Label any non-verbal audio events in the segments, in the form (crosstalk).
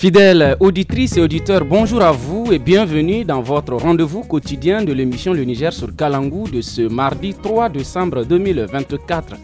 Fidèles auditrices et auditeurs, bonjour à vous et bienvenue dans votre rendez-vous quotidien de l'émission Le Niger sur Kalangou de ce mardi 3 décembre 2024.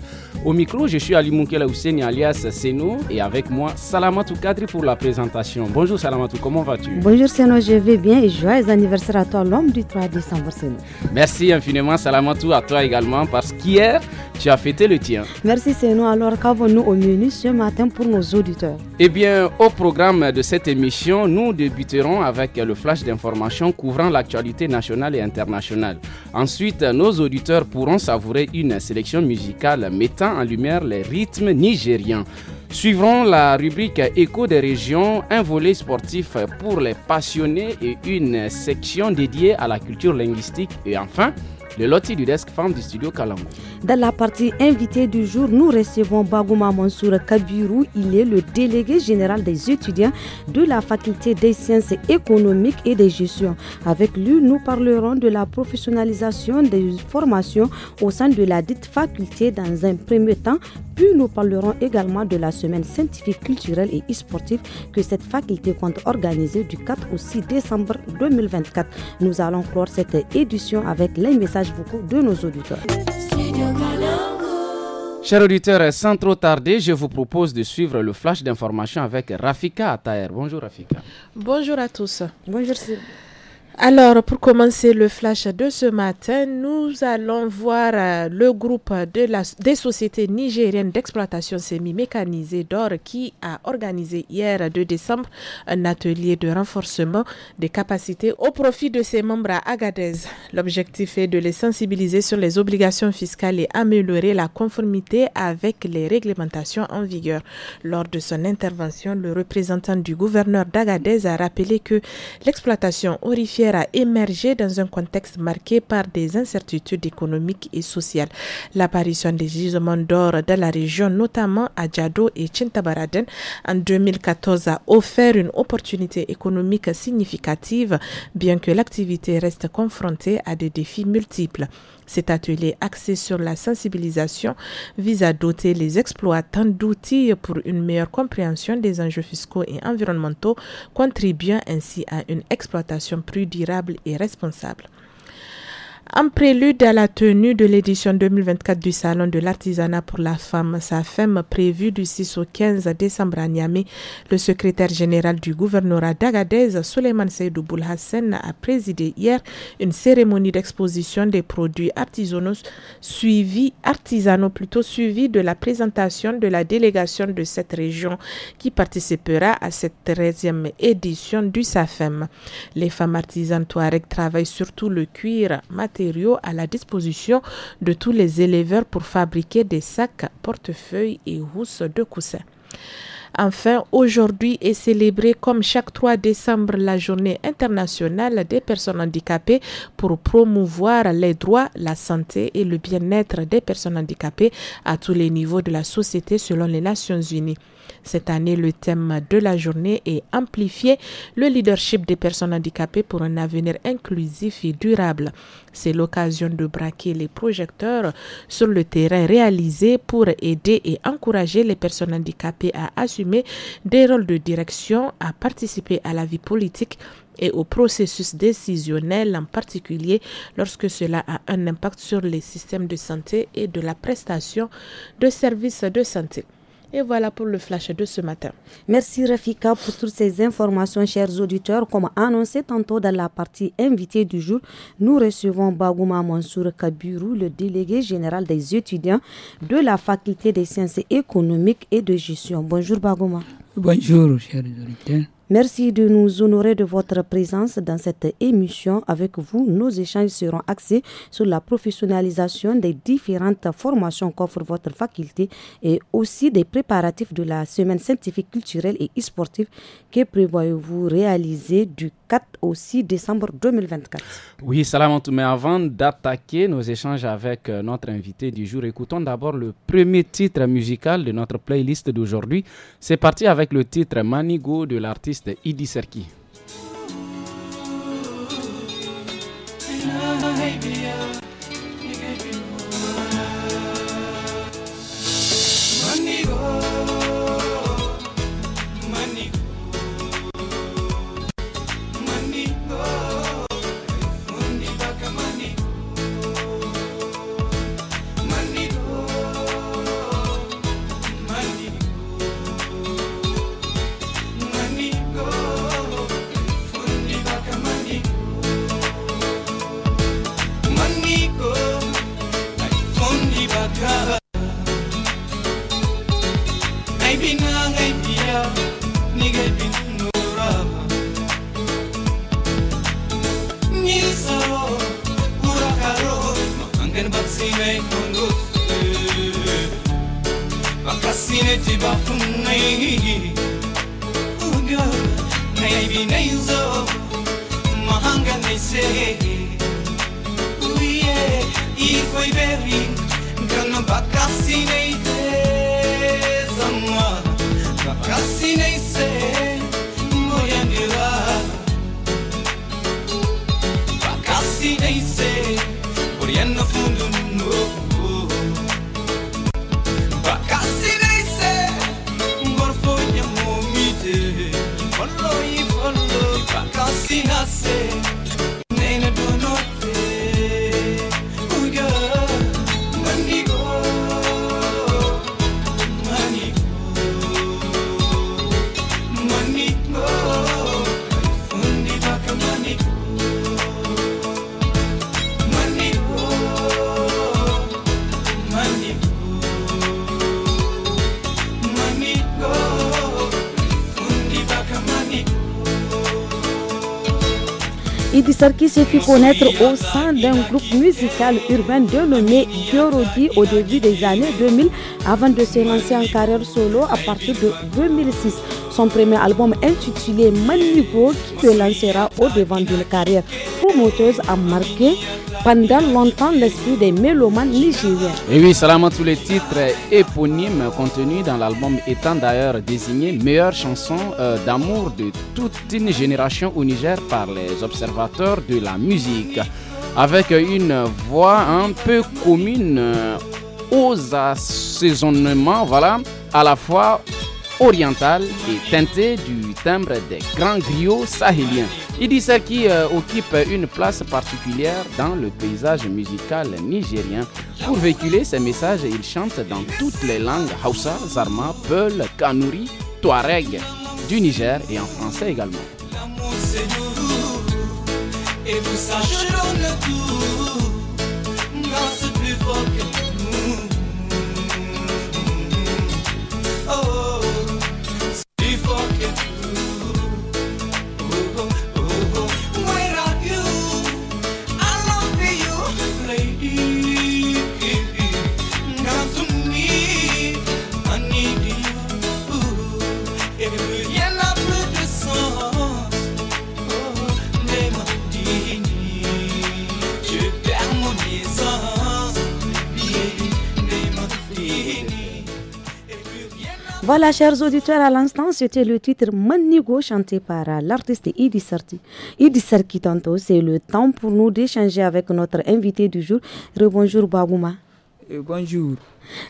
Au micro, je suis Ali Moukela Ouseni alias Seno et avec moi Salamatou Kadri pour la présentation. Bonjour Salamatou, comment vas-tu Bonjour Seno, je vais bien et joyeux anniversaire à toi, l'homme du 3 décembre Seno. Merci infiniment Salamatou, à toi également parce qu'hier, tu as fêté le tien. Merci Seno, alors qu'avons-nous au menu ce matin pour nos auditeurs Eh bien, au programme de cette émission, nous débuterons avec le flash d'information couvrant l'actualité nationale et internationale. Ensuite, nos auditeurs pourront savourer une sélection musicale mettant en lumière les rythmes nigériens. Suivront la rubrique Écho des régions, un volet sportif pour les passionnés et une section dédiée à la culture linguistique. Et enfin, le loti du desk femme du studio Kalango. Dans la partie invitée du jour, nous recevons Bagouma Mansour Kabirou. Il est le délégué général des étudiants de la faculté des sciences économiques et des gestion. Avec lui, nous parlerons de la professionnalisation des formations au sein de la dite faculté dans un premier temps, puis nous parlerons également de la semaine scientifique, culturelle et sportive que cette faculté compte organiser du 4 au 6 décembre 2024. Nous allons clore cette édition avec les messages vocaux de nos auditeurs. Chers auditeurs, sans trop tarder, je vous propose de suivre le flash d'information avec Rafika Ataer. Bonjour Rafika. Bonjour à tous. Bonjour. Alors, pour commencer le flash de ce matin, nous allons voir euh, le groupe de la, des sociétés nigériennes d'exploitation semi-mécanisée d'or qui a organisé hier 2 décembre un atelier de renforcement des capacités au profit de ses membres à Agadez. L'objectif est de les sensibiliser sur les obligations fiscales et améliorer la conformité avec les réglementations en vigueur. Lors de son intervention, le représentant du gouverneur d'Agadez a rappelé que l'exploitation aurifère a émergé dans un contexte marqué par des incertitudes économiques et sociales. L'apparition des gisements d'or dans la région, notamment à Djado et Chintabaraden, en 2014 a offert une opportunité économique significative, bien que l'activité reste confrontée à des défis multiples. Cet atelier axé sur la sensibilisation vise à doter les exploitants d'outils pour une meilleure compréhension des enjeux fiscaux et environnementaux, contribuant ainsi à une exploitation plus durable et responsable. En prélude à la tenue de l'édition 2024 du Salon de l'artisanat pour la femme, SAFEM, femme prévue du 6 au 15 décembre à Niamey, le secrétaire général du gouvernorat d'Agadez, Souleymane Seydou Boulhassen, a présidé hier une cérémonie d'exposition des produits artisanaux suivis, artisanaux plutôt suivi de la présentation de la délégation de cette région qui participera à cette 13e édition du SAFEM. Les femmes artisanes Touareg travaillent surtout le cuir, matériel à la disposition de tous les éleveurs pour fabriquer des sacs, portefeuilles et housses de coussin. Enfin, aujourd'hui est célébrée comme chaque 3 décembre la journée internationale des personnes handicapées pour promouvoir les droits, la santé et le bien-être des personnes handicapées à tous les niveaux de la société selon les Nations Unies. Cette année, le thème de la journée est Amplifier le leadership des personnes handicapées pour un avenir inclusif et durable. C'est l'occasion de braquer les projecteurs sur le terrain réalisé pour aider et encourager les personnes handicapées à assumer des rôles de direction, à participer à la vie politique et au processus décisionnel, en particulier lorsque cela a un impact sur les systèmes de santé et de la prestation de services de santé. Et voilà pour le flash de ce matin. Merci Rafika pour toutes ces informations, chers auditeurs. Comme annoncé tantôt dans la partie invitée du jour, nous recevons Bagouma Mansour Kabirou, le délégué général des étudiants de la faculté des sciences économiques et de gestion. Bonjour Bagouma. Bonjour, chers auditeurs. Merci de nous honorer de votre présence dans cette émission. Avec vous, nos échanges seront axés sur la professionnalisation des différentes formations qu'offre votre faculté et aussi des préparatifs de la semaine scientifique, culturelle et sportive que prévoyez-vous réaliser du 4 au 6 décembre 2024. Oui, tous. mais avant d'attaquer nos échanges avec euh, notre invité du jour, écoutons d'abord le premier titre musical de notre playlist d'aujourd'hui. C'est parti avec le titre Manigo de l'artiste triste e disse aqui. qui s'est fait connaître au sein d'un groupe musical urbain dénommé Diorodi au début des années 2000 avant de se lancer en carrière solo à partir de 2006. Son premier album intitulé Maniveau qui le lancera au devant d'une carrière promoteuse a marqué pendant longtemps l'esprit des mélomanes nigériens. Et oui, seulement tous les titres euh, éponymes contenus dans l'album étant d'ailleurs désigné meilleure chanson euh, d'amour de toute une génération au Niger par les observateurs de la musique. Avec une voix un peu commune euh, aux assaisonnements, voilà, à la fois Oriental et teinté du timbre des grands griots sahéliens. ça qui euh, occupe une place particulière dans le paysage musical nigérien. Pour véhiculer ses messages, il chante dans toutes les langues Hausa, Zarma, Peul, Kanuri, Touareg du Niger et en français également. Et Voilà, chers auditeurs, à l'instant, c'était le titre Manigo chanté par l'artiste Idi Sarti. Idi Sarki, tantôt, c'est le temps pour nous d'échanger avec notre invité du jour. Rebonjour, Bagouma. Euh, bonjour.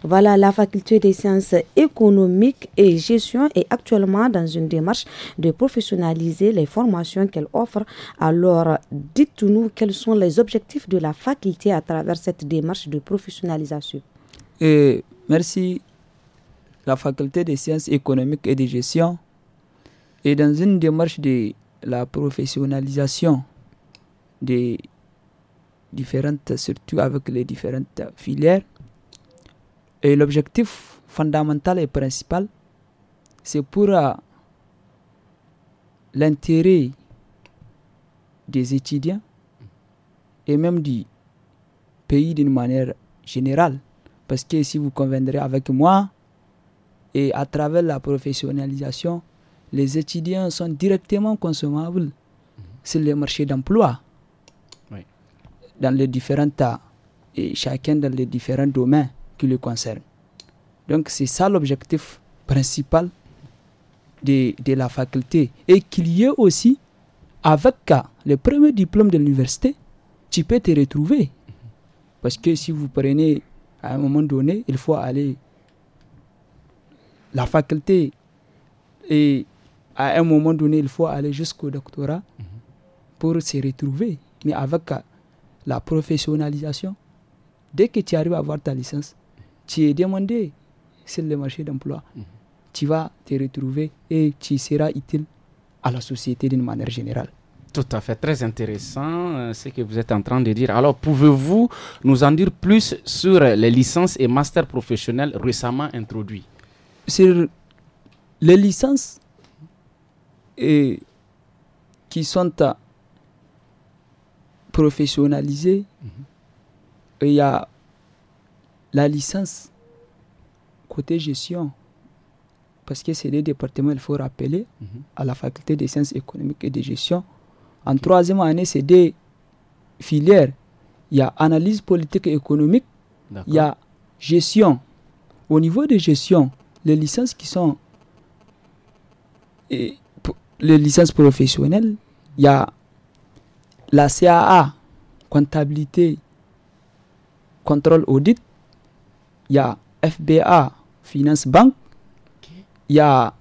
Voilà, la faculté des sciences économiques et gestion est actuellement dans une démarche de professionnaliser les formations qu'elle offre. Alors, dites-nous quels sont les objectifs de la faculté à travers cette démarche de professionnalisation. Et euh, merci la faculté des sciences économiques et de gestion est dans une démarche de la professionnalisation des différentes, surtout avec les différentes filières. Et l'objectif fondamental et principal, c'est pour euh, l'intérêt des étudiants et même du pays d'une manière générale. Parce que si vous conviendrez avec moi, et à travers la professionnalisation, les étudiants sont directement consommables mhm. sur les marchés d'emploi, dans les différents tas, et chacun dans les différents domaines qui le concernent. Donc c'est ça l'objectif principal de, de, la faculté. Et qu'il y ait aussi, avec le premier diplôme de l'université, tu peux te retrouver. Mhm. Parce que si vous prenez, à un moment donné, il faut aller la faculté. Et à un moment donné, il faut aller jusqu'au doctorat mhm. pour se retrouver. Mais avec euh, la professionnalisation, dès que tu arrives à avoir ta licence, tu es demandé sur le marché d'emploi. Mhm. Tu vas te retrouver et tu seras utile à la société d'une manière générale. Tout à fait, très intéressant euh, ce que vous êtes en train de dire. Alors, pouvez-vous nous en dire plus sur les licences et masters professionnels récemment introduits sur les licences et qui sont à mhm. il y a la licence côté gestion. Parce que c'est des départements, il faut rappeler, mhm. à la faculté des sciences économiques et de gestion. En troisième année, c'est des filières. Il y a analyse politique et économique, il y a gestion. Au niveau de gestion, les licences qui sont les licences professionnelles, il y a la CAA, comptabilité, contrôle audit, il y a FBA, finance banque, il y a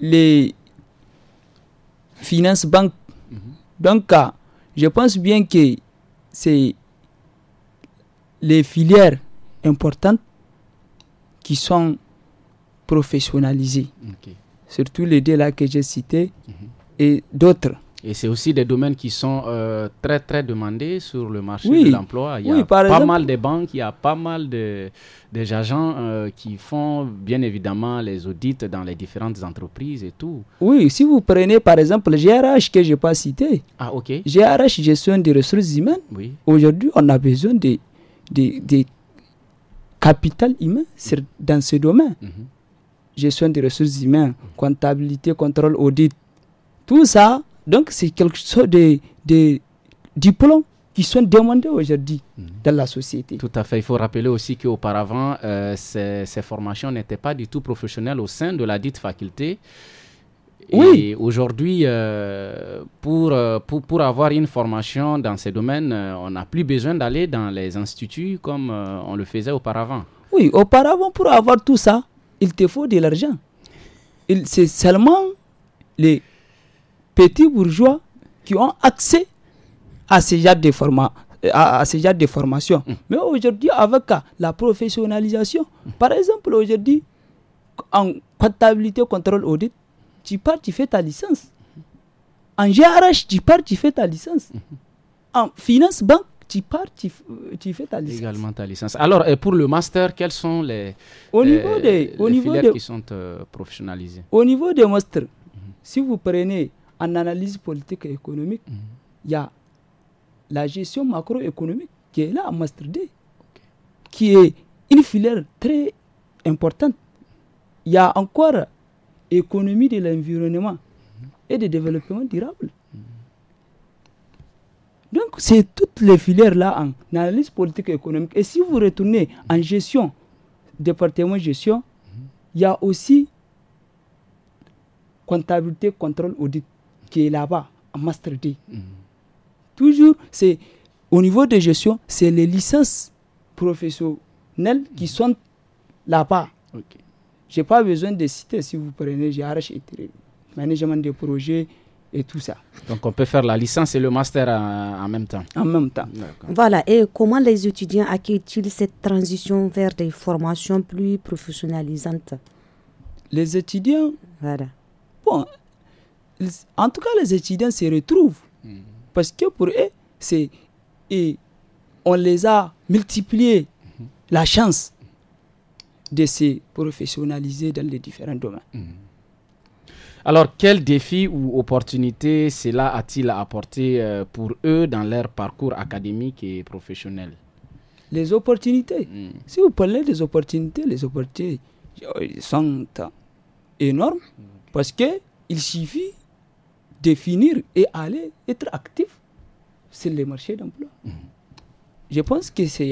les finance banque. Mhm. Donc, euh, je pense bien que c'est les filières importantes qui sont professionnalisées. Surtout les deux là que j'ai cités mhm. et d'autres. Et c'est aussi des domaines qui sont euh, très très demandés sur le marché de l'emploi. Il y a pas mal de banques, il y a pas mal de des agents euh, qui font bien évidemment les audits dans les différentes entreprises et tout. Oui, si vous prenez par exemple le GRH que je n'ai pas cité. Ah, ok. GRH, gestion des ressources humaines. Oui. Aujourd'hui, on a besoin de des, des capital humain dans ce domaine. Mhm. Gestion des ressources humaines, comptabilité, contrôle, audit, tout ça. Donc, c'est quelque chose de, de diplômes qui sont demandés aujourd'hui mhm. dans la société. Tout à fait. Il faut rappeler aussi qu'auparavant, euh, ces, ces, formations n'étaient pas du tout professionnelles au sein de la dite faculté. Oui. aujourd'hui, euh, pour, euh, pour, pour, avoir une formation dans ces domaines, euh, on n'a plus besoin d'aller dans les instituts comme on le faisait auparavant. Oui, auparavant, pour avoir tout ça, il te faut de l'argent. C'est seulement les petits bourgeois qui ont accès à ces genre de, à, ces de formation. Hum. Mais aujourd'hui, avec la professionnalisation, par exemple, aujourd'hui, en comptabilité, contrôle, audit, tu pars, tu fais ta licence. En GRH, tu pars, tu fais ta licence. Mhm. En finance banque, tu pars, tu, fais ta licence. Également ta licence. Alors, et pour le master, quels sont les, au niveau des, au niveau filières qui sont euh, professionnalisées Au niveau des masters, mhm. si vous prenez en analyse politique et économique, mhm. il y a la gestion macroéconomique qui est là en master D, qui est une filière très importante. Il y a encore économie de l'environnement et de développement durable. Donc, c'est toutes les filières-là en analyse politique et économique. Et si vous retournez en gestion, département gestion, il y a aussi comptabilité, contrôle, audit qui est là-bas, en Master D. Toujours, c'est au niveau de gestion, c'est les licences professionnelles qui sont là-bas. OK. Je pas besoin de citer, si vous prenez GRH et management des projets et tout ça. Donc on peut faire la licence et le master en, même temps. En même temps. Voilà, et comment les étudiants accueillent-ils cette transition vers des formations plus professionnalisantes Les étudiants Voilà. Bon, en tout cas, les étudiants se retrouvent hmm. parce que pour eux, c'est. Et on les a multipliés hmm. la chance de se professionnaliser dans les différents domaines. Mhm. Alors, quels défis ou opportunités cela a-t-il apporté euh, pour eux dans leur parcours académique et professionnel Les opportunités. Mhm. Si vous parlez des opportunités, les opportunités euh, sont énormes parce parce qu'il suffit de finir et aller être actif sur les marchés d'emploi. Mhm. Je pense que c'est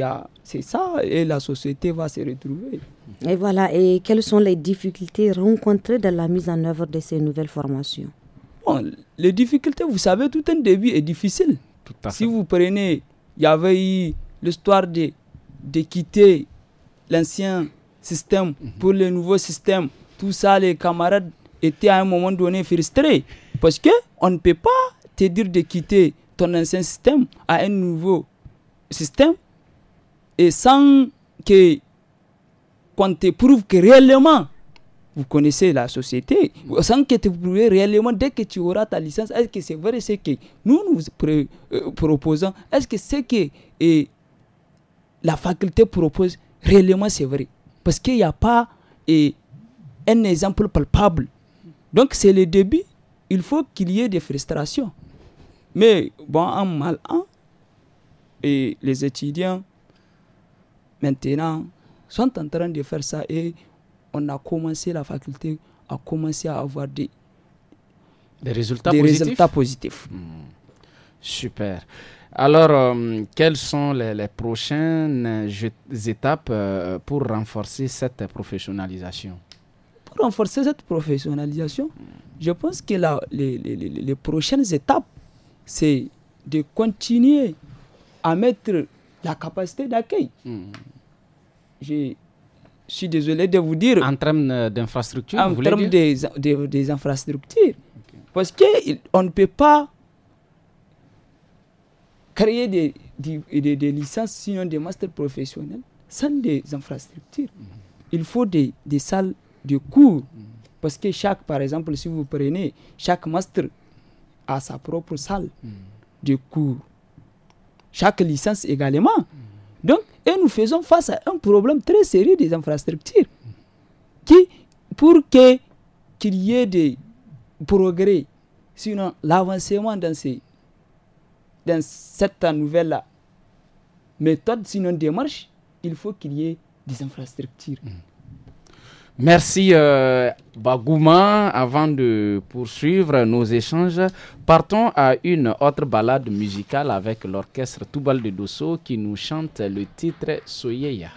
c'est ça, et la société va se retrouver. Et voilà, et quelles sont les difficultés rencontrées dans la mise en œuvre de ces nouvelles formations bon, Les difficultés, vous savez, tout un début est difficile. Si vous prenez, il y avait eu l'histoire de, de quitter l'ancien système mhm. pour le nouveau système. Tout ça, les camarades étaient à un moment donné frustrés parce que on ne peut pas te dire de quitter ton ancien système à un nouveau système et sans que Quand tu prouve que réellement vous connaissez la société, sans que tu prouves réellement dès que tu auras ta licence, est-ce que c'est vrai ce que nous nous euh, proposons, est-ce que ce que et la faculté propose réellement c'est vrai Parce qu'il n'y a pas et, un exemple palpable. Donc c'est le début, il faut qu'il y ait des frustrations. Mais bon, en mal un hein, et les étudiants Maintenant, sont en train de faire ça et on a commencé, la faculté a commencé à avoir des, résultats positifs. Hmm. Super. Alors, euh, quelles sont les, prochaines étapes euh, pour renforcer cette professionnalisation Pour renforcer cette professionnalisation, je pense que les prochaines étapes, c'est de continuer à mettre la capacité d'accueil. Hmm. Je suis désolé de vous dire. En termes d'infrastructures En termes des, des, infrastructures. Parce qu'on ne peut pas créer des, des, licences, sinon des masters professionnels, sans des infrastructures. Hmm. Il faut des, salles de cours. Hmm. Parce que chaque, par exemple, si vous prenez, chaque master a sa propre salle de cours chaque licence également. Donc, et nous faisons face à un problème très sérieux des infrastructures qui, pour que qu'il y ait des progrès, sinon l'avancement dans, ces, dans cette nouvelle méthode, sinon démarche, il faut qu'il y ait des infrastructures. Mm. Merci euh, Bagouma. Avant de poursuivre nos échanges, partons à une autre balade musicale avec l'orchestre Toubal de Dosso qui nous chante le titre Soyeya.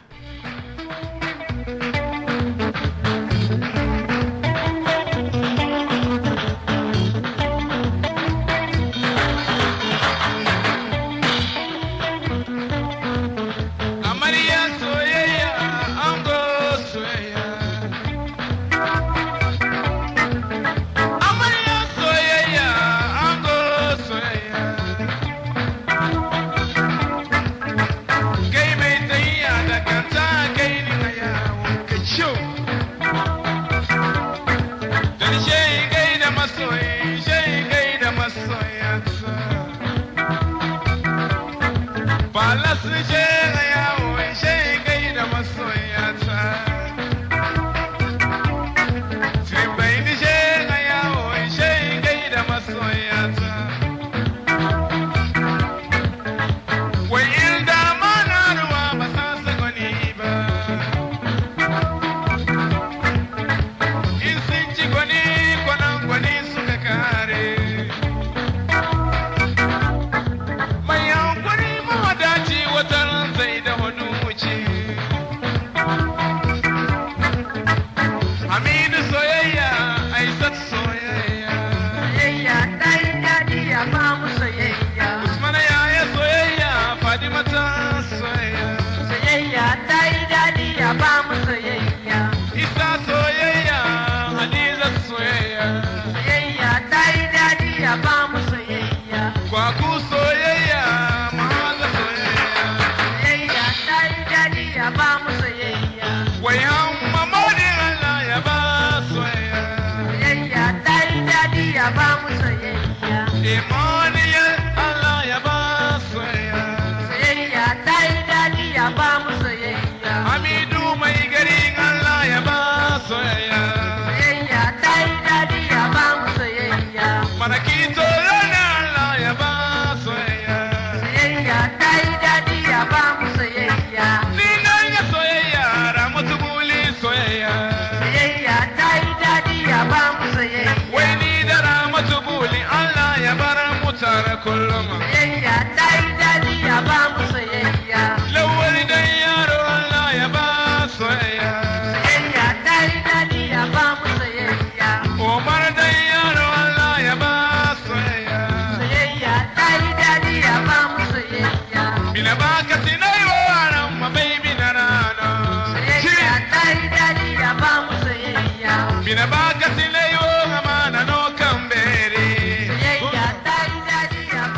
grama.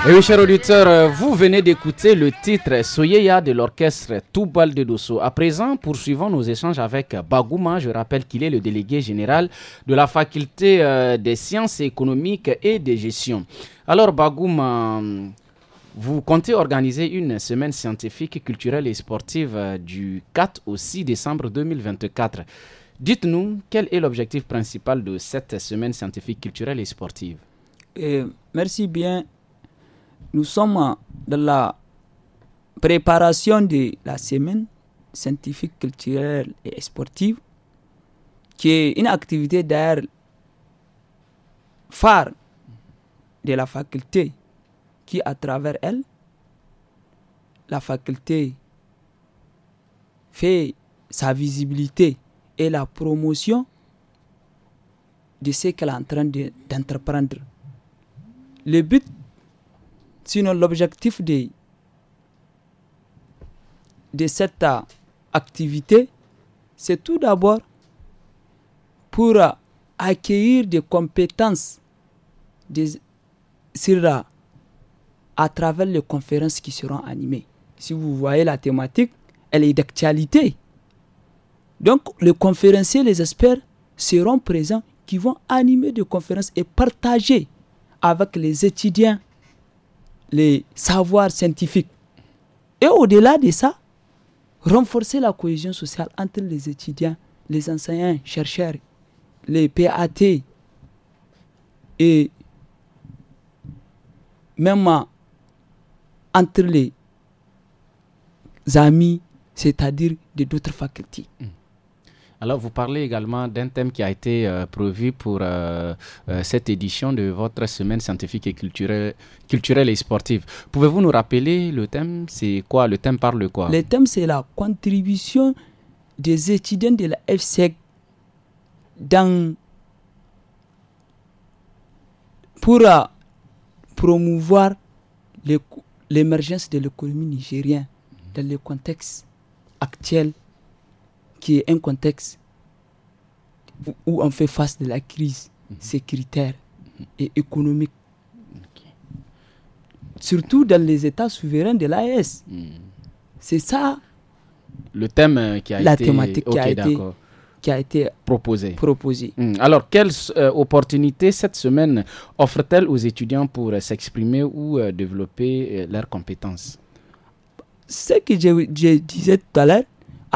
Et eh oui, chers auditeurs, euh, vous venez d'écouter le titre Soyeya de l'orchestre Toubal de Dosso. À présent, poursuivons nos échanges avec Bagouma. Je rappelle qu'il est le délégué général de la faculté euh, des sciences économiques et de gestion. Alors, Bagouma, vous comptez organiser une semaine scientifique, culturelle et sportive euh, du 4 au 6 décembre 2024. Dites-nous, quel est l'objectif principal de cette semaine scientifique, culturelle et sportive eh, Merci bien. Nous sommes dans la préparation de la semaine scientifique, culturelle et sportive, qui est une activité d'air phare de la faculté, qui à travers elle, la faculté fait sa visibilité et la promotion de ce qu'elle est en train d'entreprendre. Le but Sinon, l'objectif de, de cette activité, c'est tout d'abord pour accueillir des compétences à travers les conférences qui seront animées. Si vous voyez la thématique, elle est d'actualité. Donc, les conférenciers, les experts seront présents qui vont animer des conférences et partager avec les étudiants les savoirs scientifiques. Et au-delà de ça, renforcer la cohésion sociale entre les étudiants, les enseignants, chercheurs, les PAT et même entre les amis, c'est-à-dire de d'autres facultés. Mm. Alors, vous parlez également d'un thème qui a été euh, prévu pour euh, euh, cette édition de votre semaine scientifique et culturelle, et sportive. Pouvez-vous nous rappeler le thème C'est quoi Le thème parle de quoi Le thème, c'est la contribution des étudiants de la FSEC e dans, pour promouvoir l'émergence de l'économie nigérienne dans le contexte actuel qui est un contexte où, on fait face de la crise mhm. sécuritaire et économique. Surtout dans les États souverains de l'AES. Hmm. C'est ça. Le thème euh, qui a la été... thématique qui, a été, qui proposée. Proposé. Hmm. Alors, quelles euh, opportunités cette semaine offre-t-elle aux étudiants pour s'exprimer ou euh, développer leurs compétences Ce que je disais tout à l'heure,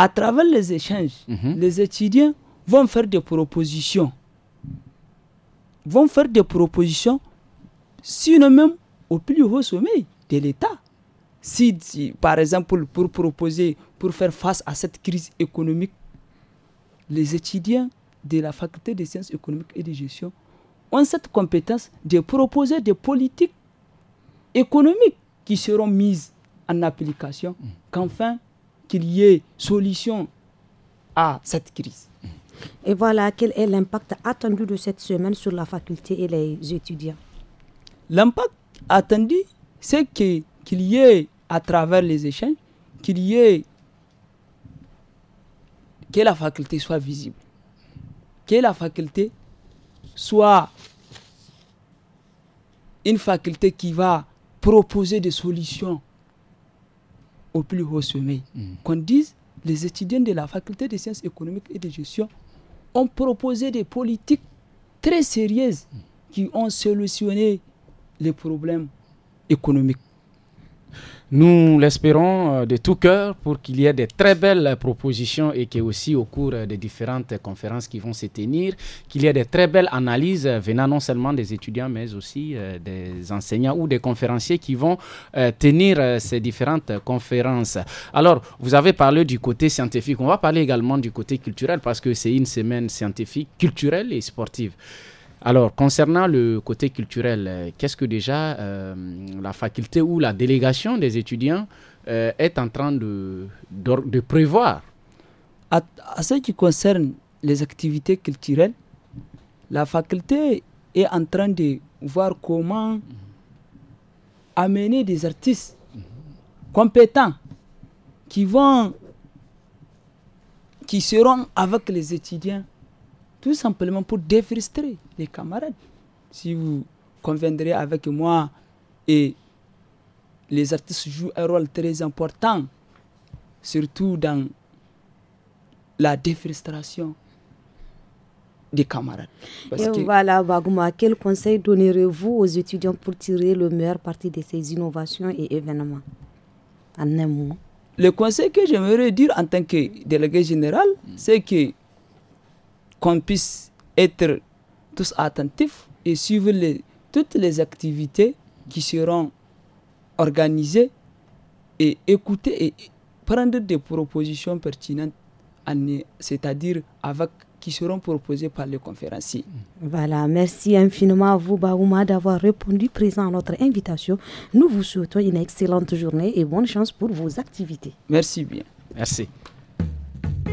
à travers les échanges, mhm. les étudiants vont faire des propositions. Vont faire des propositions, sinon même au plus haut sommet de l'État. si, par exemple, pour proposer, pour faire face à cette crise économique, les étudiants de la faculté des sciences économiques et de gestion ont cette compétence de proposer des politiques économiques qui seront mises en application, mm. qu'enfin qu'il y ait solution à cette crise. Et voilà, quel est l'impact attendu de cette semaine sur la faculté et les étudiants L'impact attendu, c'est qu'il y ait, à travers les échanges, qu'il y ait que la faculté soit visible, que la faculté soit une faculté qui va proposer des solutions au plus haut sommeil. Hmm. Qu'on dise, les étudiants de la faculté des sciences économiques et de gestion ont proposé des politiques très sérieuses hmm. qui ont solutionné les problèmes économiques. Nous l'espérons euh, de tout cœur pour qu'il y ait des très belles propositions et qu'aussi aussi au cours euh, des différentes conférences qui vont se tenir, qu'il y ait des très belles analyses venant non seulement des étudiants mais aussi euh, des enseignants ou des conférenciers qui vont tenir ces différentes conférences. Alors, vous avez parlé du côté scientifique, on va parler également du côté culturel parce que c'est une semaine scientifique, culturelle et sportive. Alors, concernant le côté culturel, euh, qu'est-ce que déjà euh, la faculté ou la délégation des étudiants euh, est en train de, de, prévoir à, ce qui concerne les activités culturelles, la faculté est en train de voir comment amener des artistes compétents qui vont qui seront avec les étudiants tout simplement pour défrustrer les camarades. Si vous conviendrez avec moi, et les artistes jouent un rôle très important, surtout dans la défrustration des camarades. et voilà, Baguma, quel conseil donnerez-vous aux étudiants pour tirer le meilleur parti de ces innovations et événements En un mot. Le conseil que j'aimerais dire en tant que délégué général, c'est que qu'on puisse être tous attentifs et suivre les, toutes les activités qui seront organisées et écouter et prendre des propositions pertinentes, c'est-à-dire avec qui seront proposées par les conférenciers. Voilà, merci infiniment à vous, Baouma, d'avoir répondu présent à notre invitation. Nous vous souhaitons une excellente journée et bonne chance pour vos activités. Merci bien. Merci.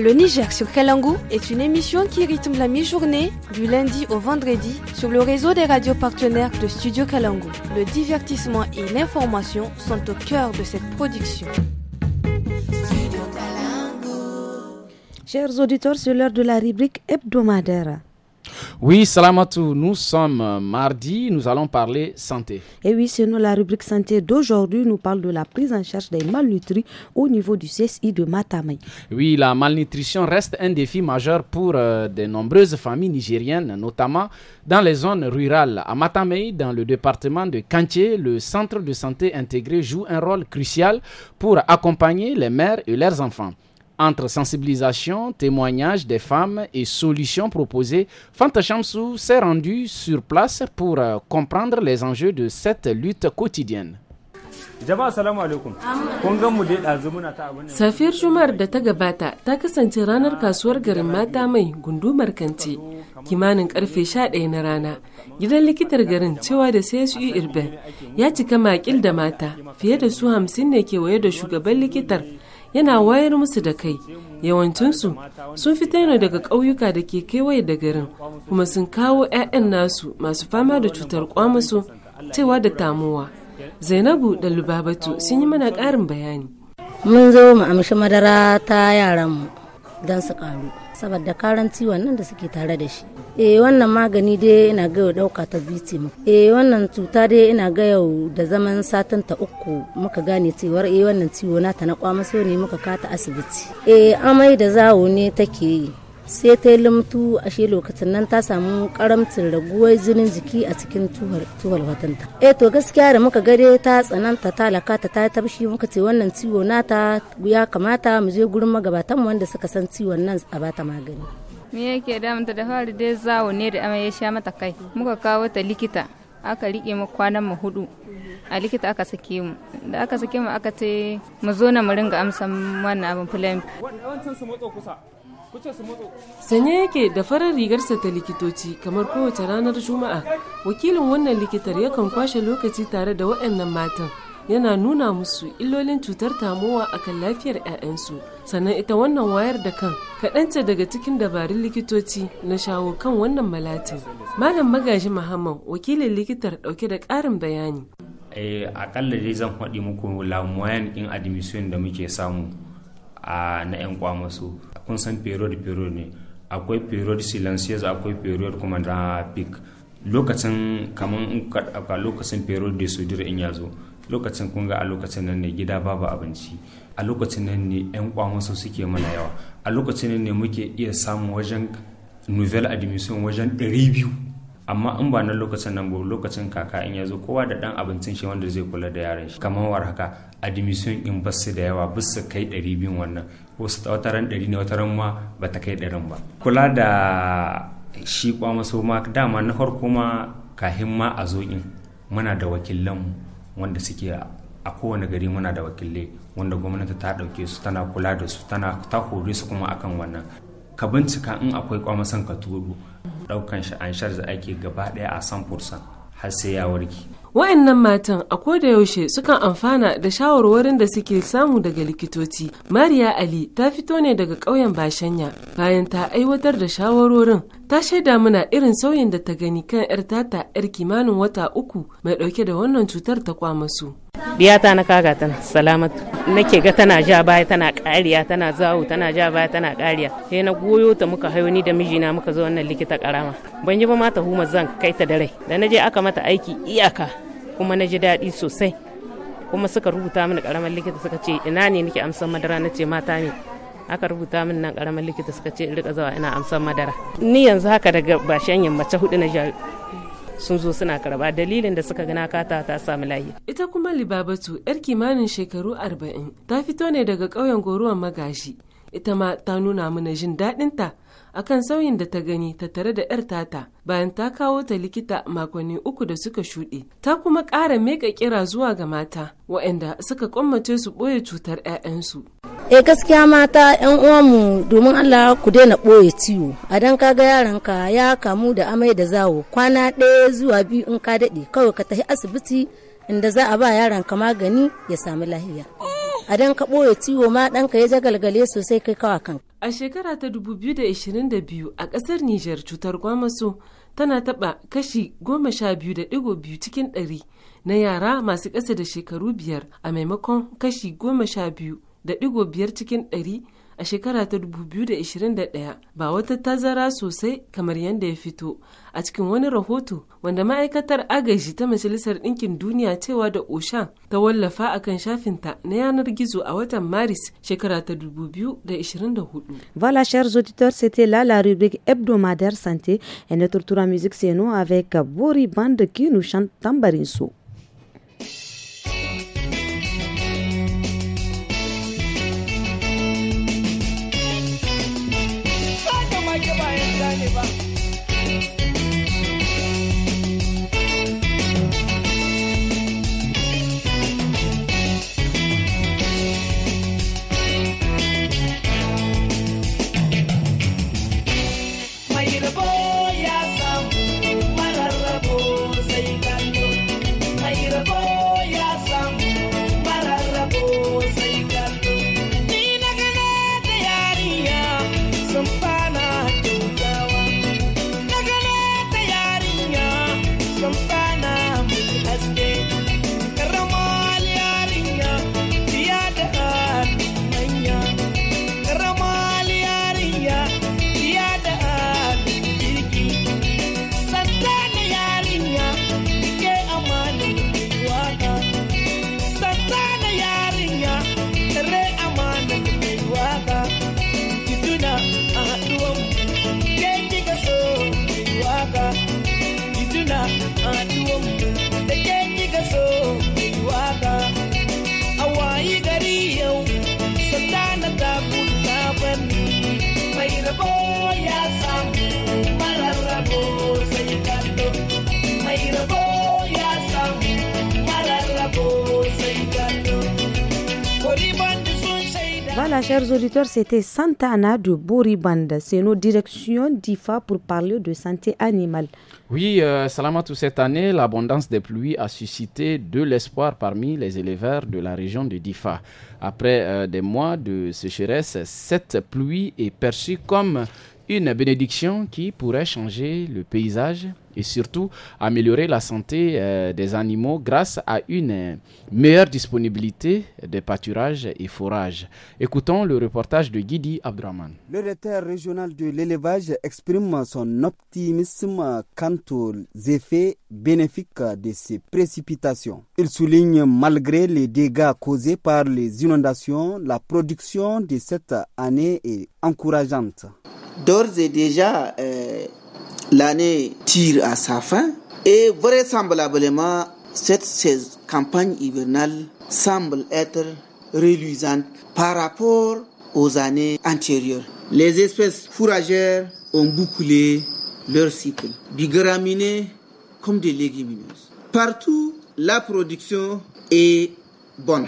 Le Niger sur Kalangu est une émission qui rythme la mi-journée du lundi au vendredi sur le réseau des radios partenaires de Studio Kalangu. Le divertissement et l'information sont au cœur de cette production. Chers auditeurs, c'est l'heure de la rubrique hebdomadaire. Oui, Salamatou, nous sommes euh, mardi, nous allons parler santé. Et oui, selon la rubrique santé d'aujourd'hui, nous parle de la prise en charge des malnutris au niveau du CSI de Matamei. Oui, la malnutrition reste un défi majeur pour euh, de nombreuses familles nigériennes, notamment dans les zones rurales. À Matamei, dans le département de Kantier, le centre de santé intégré joue un rôle crucial pour accompagner les mères et leurs enfants entre sensibilisation, témoignages des femmes et solutions proposées, Fanta Chamsou s'est rendue sur place pour euh, comprendre les enjeux de cette lutte quotidienne. Jama'a salamu alaikum. Kun da ta gabata ta kasance ranar kasuwar garin mata mai gundumar kanti kimanin karfe 11 na rana. Gidan likitar garin cewa da CSU Irben ya cika makil da mata fiye da su 50 ne kewaye da shugaban likitar yana wayar musu da kai yawancinsu sun fita ne daga ƙauyuka da ke kewaye da garin kuma sun kawo 'ya'yan nasu masu fama da cutar kwamaso cewa da tamowa zainabu da lubabatu sun yi mana ƙarin bayani mun zo mu amshi madara ta yaranmu don su karu saboda karanci ciwon nan da suke tare da shi eh wannan magani dai ina ga yau dauka ta biyu ce eh, wannan cuta dai ina ga yau da zaman satin ta uku muka gane cewar e wannan ciwo na ta na kwamaso ne muka kata asibiti e amai da zawo ne take yi sai ta yi limtu ashe lokacin nan ta samu karamcin raguwar jinin jiki a cikin tuwal watanta e to gaskiya da muka gare ta tsananta lakata ta ta tabshi muka ce wannan ciwo nata ya kamata mu je gurin magabatan wanda suka san ciwon nan a bata magani me yake damunta da fari dai zawo ne da ama ya sha mata kai muka kawo ta likita aka rike mu kwanan mu hudu a likita aka sake mu da aka sake mu aka ce mu zo na mu ringa amsa wannan abin fulan. wancan su kusa Sanye yake da farar rigarsa ta likitoci kamar kowace ranar Juma'a, wakilin wannan likitar yakan kwashe lokaci tare da waɗannan matan yana nuna musu illolin cutar tamowa akan lafiyar 'ya'yansu. sannan ita wannan wayar da kan kaɗanta daga cikin dabarun likitoci na shawo kan wannan malatin malam magaji muhammad wakilin likitar ɗauke da karin bayani eh, akalla dai zan faɗi muku lamuwayan in admission da muke samu a na 'yan kwamaso kun san period period ne akwai period silencious akwai period kuma da peak lokacin kamar in ka lokacin period da su in ya zo lokacin kun ga a lokacin nan ne gida babu abinci a lokacin nan ne 'yan kwamansu suke mana yawa a lokacin nan ne muke iya samun wajen nouvelle admission wajen 200 amma in ba na lokacin nan ba lokacin kaka in ya zo kowa da dan abincin shi wanda zai kula da yaran shi kamar war haka admission in basu da yawa ba su kai 200 wannan wasu wataran 100 ne wataran ma ba ta kai 100 ba kula da shi kwamaso ma dama na farko ma kahin ma a zo in muna da wakilanmu wanda suke a kowane gari muna da wakilai wanda gwamnati ta ɗauke su tana kula da su tana ta hore su kuma akan wannan ka bincika in akwai kwamasan ka turu ɗaukan shi an da ake gaba ɗaya a san har sai ya warke. Wa'annan matan a ko da yaushe sukan amfana da shawarwarin da suke samu daga likitoci. Mariya Ali ta fito ne daga ƙauyen Bashanya bayan ta aiwatar da shawarorin. Ta shaida mana irin sauyin da ta gani kan 'yar tata 'yar kimanin wata uku mai ɗauke da wannan cutar ta kwamasu. biyata na kaga tana salamatu nake ga tana ja baya tana kariya tana zawo tana ja baya tana kariya Sai na goyo ta muka hayo ni da mijina muka zo wannan likita karama ban yi ba ma ta huma zan kai ta da rai da naje aka mata aiki iyaka kuma naji daɗi sosai kuma suka rubuta mini karamar likita suka ce ina ne nake amsan madara na ce mata ne aka rubuta min nan karamar likita suka ce in rika zawa ina amsan madara ni yanzu haka daga bashen yammace hudu na sun zo suna karba dalilin da suka gana kata ta samu layi. Ita kuma Libabatu yar kimanin shekaru arba'in ta fito ne daga ƙauyen goruwan magashi ita ma ta nuna mana jin daɗinta akan sauyin da ta gani ta tare da 'yar tata bayan ta kawo ta likita makonni uku da suka shuɗe ta kuma ƙara meka kira zuwa ga mata waɗanda suka kwammace su ɓoye cutar 'ya'yansu e eh, gaskiya mata yan mu domin allah ku daina ɓoye ciwo a dan kaga ka ya kamu da amai da zawo kwana ɗaya zuwa biyu in ka daɗe kawai ka tafi asibiti inda za a ba ka magani ya samu lahiya a dan ka ɓoye ciwo ma ɗanka ya jagalgale sosai kai kawa kanka A shekara ta 2022 a ƙasar Nijar cutar gwamaso tana taɓa kashi 12.2 cikin ɗari na yara masu ƙasa da shekaru biyar a maimakon kashi 12.5 cikin ɗari a shekara ta 2021 ba wata tazara sosai kamar yadda ya fito a cikin wani rahoto wanda ma'aikatar agaji ta majalisar ɗinkin duniya cewa da osha ta wallafa a kan shafinta na yanar gizo a watan maris shekara ta 2024 voilà chers auditeurs c'était là la rubrique hebdomadaire santé et notre tour en musique c'est nous avec Bori Band qui nous chante chers auditeurs, c'était Santana de Boribanda. C'est nos directions d'IFA pour parler de santé animale. Oui, euh, Salamatou, cette année, l'abondance des pluies a suscité de l'espoir parmi les éleveurs de la région de Difa. Après euh, des mois de sécheresse, cette pluie est perçue comme une bénédiction qui pourrait changer le paysage et surtout améliorer la santé euh, des animaux grâce à une euh, meilleure disponibilité des pâturages et forages. Écoutons le reportage de Guidi Abdraman. Le directeur régional de l'élevage exprime son optimisme quant aux effets bénéfiques de ces précipitations. Il souligne malgré les dégâts causés par les inondations, la production de cette année est encourageante. D'ores et déjà, euh, l'année tire à sa fin et vraisemblablement cette, cette campagne hivernale semble être reluisante par rapport aux années antérieures. Les espèces fourragères ont bouclé leur cycle, du comme des légumineuses. Partout, la production est bonne.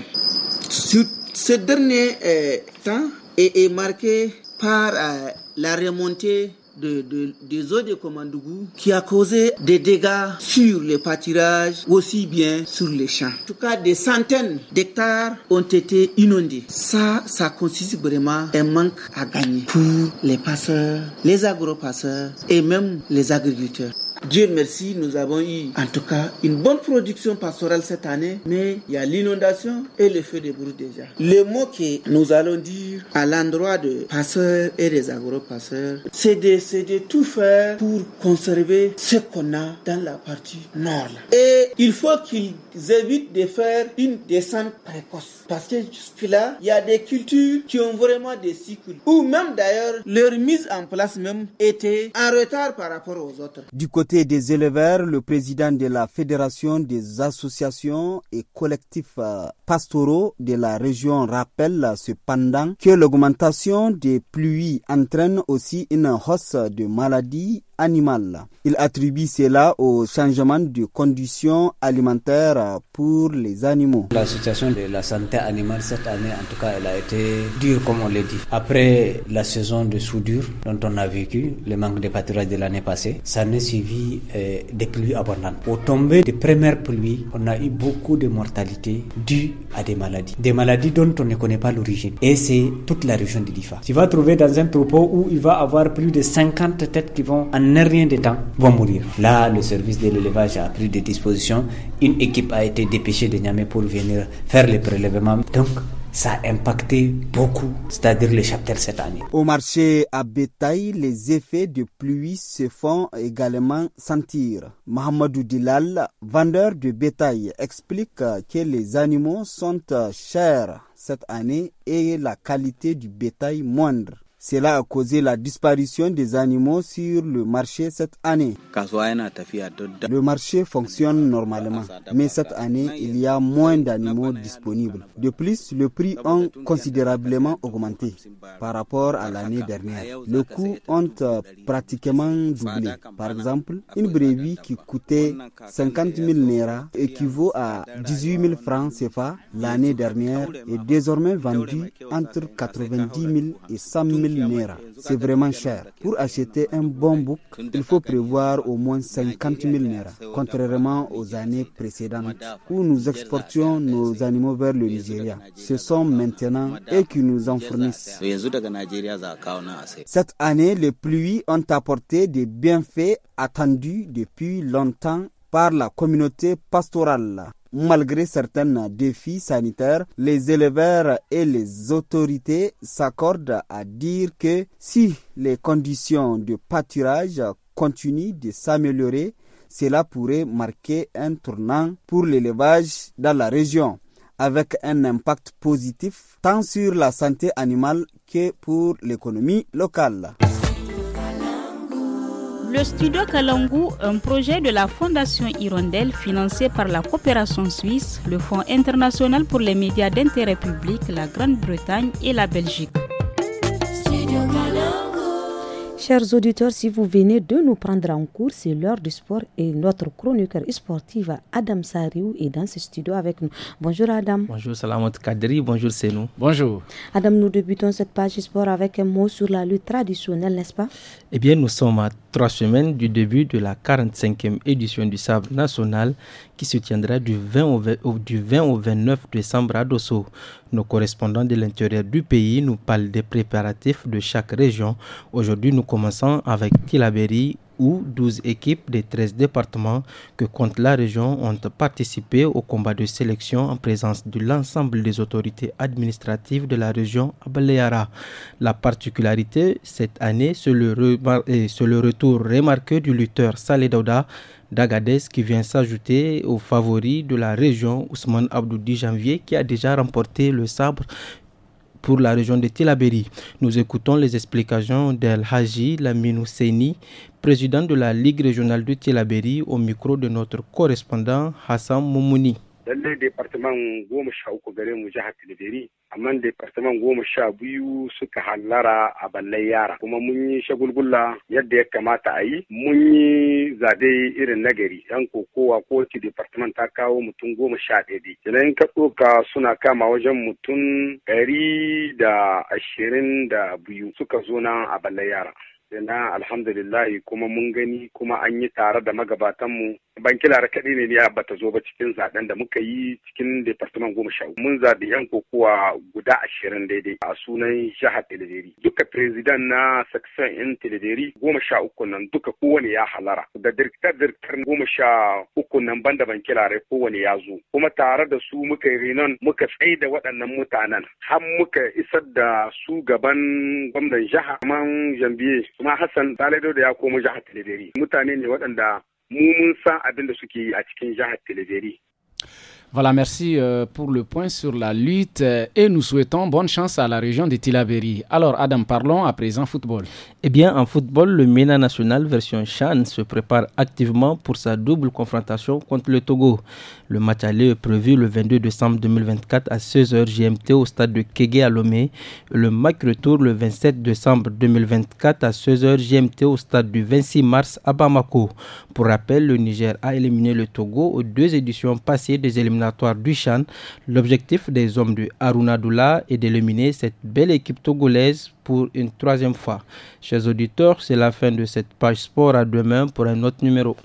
Ce dernier euh, temps est marqué par euh, la remontée de, des eaux de Komandougou qui a causé des dégâts sur les pâturages aussi bien sur les champs. En tout cas, des centaines d'hectares ont été inondés. Ça, ça constitue vraiment un manque à gagner pour les passeurs, les agro-passeurs et même les agriculteurs. Dieu merci, nous avons eu en tout cas une bonne production pastorale cette année, mais il y a l'inondation et le feu de déjà. Le mot que nous allons dire à l'endroit de passeurs et des agro-passeurs, c'est de, de, tout faire pour conserver ce qu'on a dans la partie nord. Et il faut qu'ils évitent de faire une descente précoce. Parce que jusque-là, il y a des cultures qui ont vraiment des cycles. Ou même d'ailleurs, leur mise en place même était en retard par rapport aux autres. Du côté des éleveurs, le président de la Fédération des associations et collectifs euh, pastoraux de la région rappelle euh, cependant que l'augmentation des pluies entraîne aussi une hausse de maladies il attribue cela au changement de conditions alimentaires pour les animaux. La situation de la santé animale cette année, en tout cas, elle a été dure, comme on le dit. Après la saison de soudure dont on a vécu, le manque de pâturage de l'année passée, ça a suivi euh, des pluies abondantes. Au tombé des premières pluies, on a eu beaucoup de mortalité due à des maladies. Des maladies dont on ne connaît pas l'origine. Et c'est toute la région de l'IFA. Tu vas trouver dans un troupeau où il va avoir plus de 50 têtes qui vont en ne rien de temps, vont mourir. Là, le service de l'élevage a pris des dispositions. Une équipe a été dépêchée de Niamey pour venir faire les prélèvements. Donc, ça a impacté beaucoup, c'est-à-dire les chapitres cette année. Au marché à bétail, les effets de pluie se font également sentir. Mohamedou Dilal, vendeur de bétail, explique que les animaux sont chers cette année et la qualité du bétail moindre. Cela a causé la disparition des animaux sur le marché cette année. Le marché fonctionne normalement, mais cette année, il y a moins d'animaux disponibles. De plus, le prix ont considérablement augmenté par rapport à l'année dernière. Le coût ont pratiquement doublé. Par exemple, une brebis qui coûtait 50 000 naira équivaut à 18 000 francs CFA l'année dernière est désormais vendue entre 90 000 et 100 000 c'est vraiment cher. Pour acheter un bon bouc, il faut prévoir au moins 50 000 naira, contrairement aux années précédentes où nous exportions nos animaux vers le Nigeria. Ce sont maintenant eux qui nous en fournissent. Cette année, les pluies ont apporté des bienfaits attendus depuis longtemps par la communauté pastorale. Malgré certains défis sanitaires, les éleveurs et les autorités s'accordent à dire que si les conditions de pâturage continuent de s'améliorer, cela pourrait marquer un tournant pour l'élevage dans la région, avec un impact positif tant sur la santé animale que pour l'économie locale. Le studio Kalangu, un projet de la Fondation Hirondelle financé par la coopération suisse, le Fonds international pour les médias d'intérêt public, la Grande-Bretagne et la Belgique. Chers auditeurs, si vous venez de nous prendre en cours, c'est l'heure du sport et notre chroniqueur sportive Adam Sariou est dans ce studio avec nous. Bonjour Adam. Bonjour Salamot Kadri, bonjour c'est nous. Bonjour. Adam, nous débutons cette page sport avec un mot sur la lutte traditionnelle, n'est-ce pas eh bien, nous sommes à trois semaines du début de la 45e édition du Sabre national qui se tiendra du 20 au, 29 décembre à Dosso. Nos correspondants de l'intérieur du pays nous parlent des préparatifs de chaque région. Aujourd'hui, nous commençons avec Tilaberi où 12 équipes des 13 départements que compte la région ont participé au combat de sélection en présence de l'ensemble des autorités administratives de la région à La particularité cette année, c'est le, retour remarqué du lutteur Salé Dauda d'Agadez qui vient s'ajouter aux favoris de la région Ousmane Abdou Di Janvier qui a déjà remporté le sabre pour la région de Tilaberi. Nous écoutons les explications d'El Haji Laminou président de la Ligue régionale de Tilaberi, au micro de notre correspondant Hassan Moumouni. lallai departaman goma sha uku gare mu jihar tilibiri amma departaman goma sha biyu suka hallara a ballai yara kuma mun yi shagulgula yadda ya kamata a yi mun yi zade irin nagari yan kokowa ko ci departaman ta kawo mutum goma sha ɗaya dai idan ka ɗoka suna kama wajen mutum ɗari da ashirin da biyu suka zo nan a ballai yara na alhamdulillahi kuma mun gani kuma an yi tare da magabatanmu kilara kaɗai ne ya bata zo ba cikin zaben da muka yi cikin departament goma sha mun zaɓi yan kokowa guda ashirin daidai a sunan jihar telederi duka president na section in telederi goma sha uku nan duka kowane ya halara da director director goma sha uku nan banda bankilare kowane ya zo kuma tare da su muka yi renon muka tsaye da waɗannan mutanen har muka isar da su gaban gwamnan jiha kaman janbiye Voilà, merci euh, pour le point sur la lutte euh, et nous souhaitons bonne chance à la région de Tilaberi. Alors Adam, parlons à présent football. Eh bien, en football, le MENA national version Chan se prépare activement pour sa double confrontation contre le Togo. Le match aller est prévu le 22 décembre 2024 à 16h GMT au stade de Kégué à Lomé. Le match retour le 27 décembre 2024 à 16h GMT au stade du 26 mars à Bamako. Pour rappel, le Niger a éliminé le Togo aux deux éditions passées des éliminatoires du Chan. L'objectif des hommes de Aruna Doula est d'éliminer cette belle équipe togolaise pour une troisième fois. Chers auditeurs, c'est la fin de cette page sport. À demain pour un autre numéro.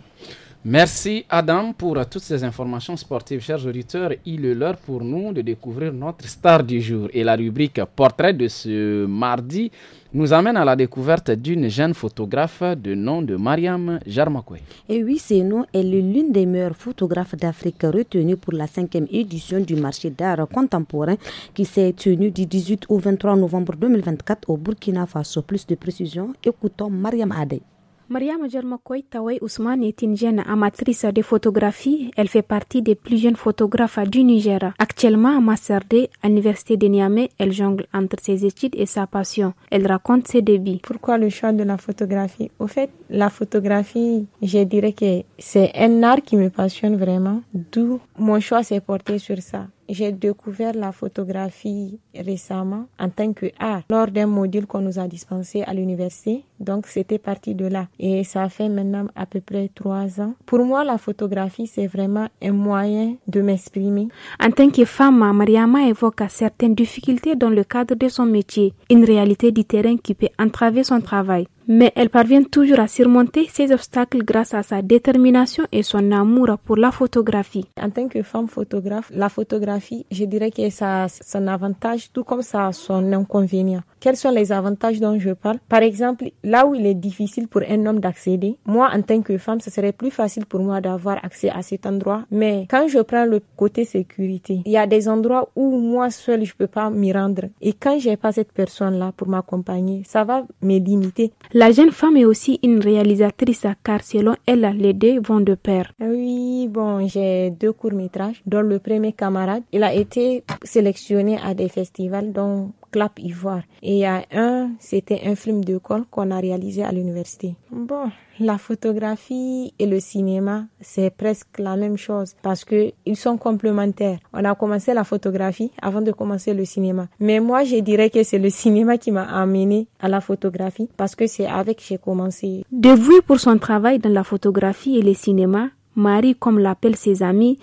Merci Adam pour toutes ces informations sportives. Chers auditeurs, il est l'heure pour nous de découvrir notre star du jour. Et la rubrique Portrait de ce mardi nous amène à la découverte d'une jeune photographe de nom de Mariam Jarmakwe. Et oui, c'est nous. elle est l'une des meilleures photographes d'Afrique retenue pour la cinquième édition du marché d'art contemporain qui s'est tenue du 18 au 23 novembre 2024 au Burkina Faso. Plus de précision, écoutons Mariam Adé. Maria Jermokoita Tawai Ousmane est une jeune amatrice de photographie. Elle fait partie des plus jeunes photographes du Niger. Actuellement à Master à l'université de Niamey, elle jongle entre ses études et sa passion. Elle raconte ses débuts. Pourquoi le choix de la photographie Au fait, la photographie, je dirais que c'est un art qui me passionne vraiment. D'où mon choix s'est porté sur ça. J'ai découvert la photographie récemment en tant que art lors d'un module qu'on nous a dispensé à l'université. Donc c'était parti de là. Et ça fait maintenant à peu près trois ans. Pour moi, la photographie, c'est vraiment un moyen de m'exprimer. En tant que femme, Mariama évoque certaines difficultés dans le cadre de son métier, une réalité du terrain qui peut entraver son travail mais elle parvient toujours à surmonter ces obstacles grâce à sa détermination et son amour pour la photographie. En tant que femme photographe, la photographie, je dirais que ça a son avantage tout comme ça a son inconvénient. Quels sont les avantages dont je parle Par exemple, là où il est difficile pour un homme d'accéder, moi en tant que femme, ce serait plus facile pour moi d'avoir accès à cet endroit. Mais quand je prends le côté sécurité, il y a des endroits où moi seule, je ne peux pas m'y rendre. Et quand j'ai pas cette personne-là pour m'accompagner, ça va me limiter. La jeune femme est aussi une réalisatrice car selon elle, les deux vont de pair. Oui, bon, j'ai deux courts-métrages dont le premier camarade, il a été sélectionné à des festivals dont Clap Ivoire. Et il y a un, c'était un film d'école qu'on a réalisé à l'université. Bon, la photographie et le cinéma, c'est presque la même chose parce que ils sont complémentaires. On a commencé la photographie avant de commencer le cinéma. Mais moi, je dirais que c'est le cinéma qui m'a amené à la photographie parce que c'est avec que j'ai commencé. Dévouée pour son travail dans la photographie et le cinéma, Marie, comme l'appellent ses amis,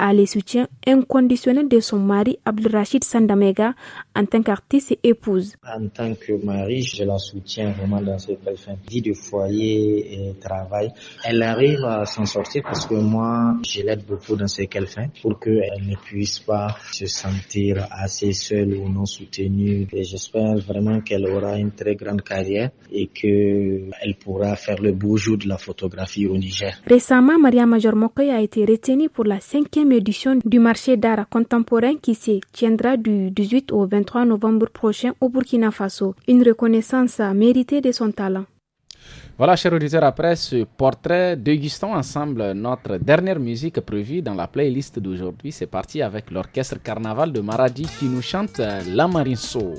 a les soutiens inconditionnel de son mari Rachid Sandamega en tant qu'artiste et épouse. En tant que mari, je la soutiens vraiment dans ses fin vie de foyer et travail. Elle arrive à s'en sortir parce que moi, je l'aide beaucoup dans ses fins pour qu'elle ne puisse pas se sentir assez seule ou non soutenue. Et j'espère vraiment qu'elle aura une très grande carrière et qu'elle pourra faire le beau jour de la photographie au Niger. Récemment, Maria Major Mokoy a été retenue pour la cinquième édition du marché d'art contemporain qui se tiendra du 18 au 23 novembre prochain au Burkina Faso. Une reconnaissance méritée de son talent. Voilà, chers auditeurs, après ce portrait, dégustons ensemble notre dernière musique prévue dans la playlist d'aujourd'hui. C'est parti avec l'orchestre Carnaval de Maradi qui nous chante La Marinceau.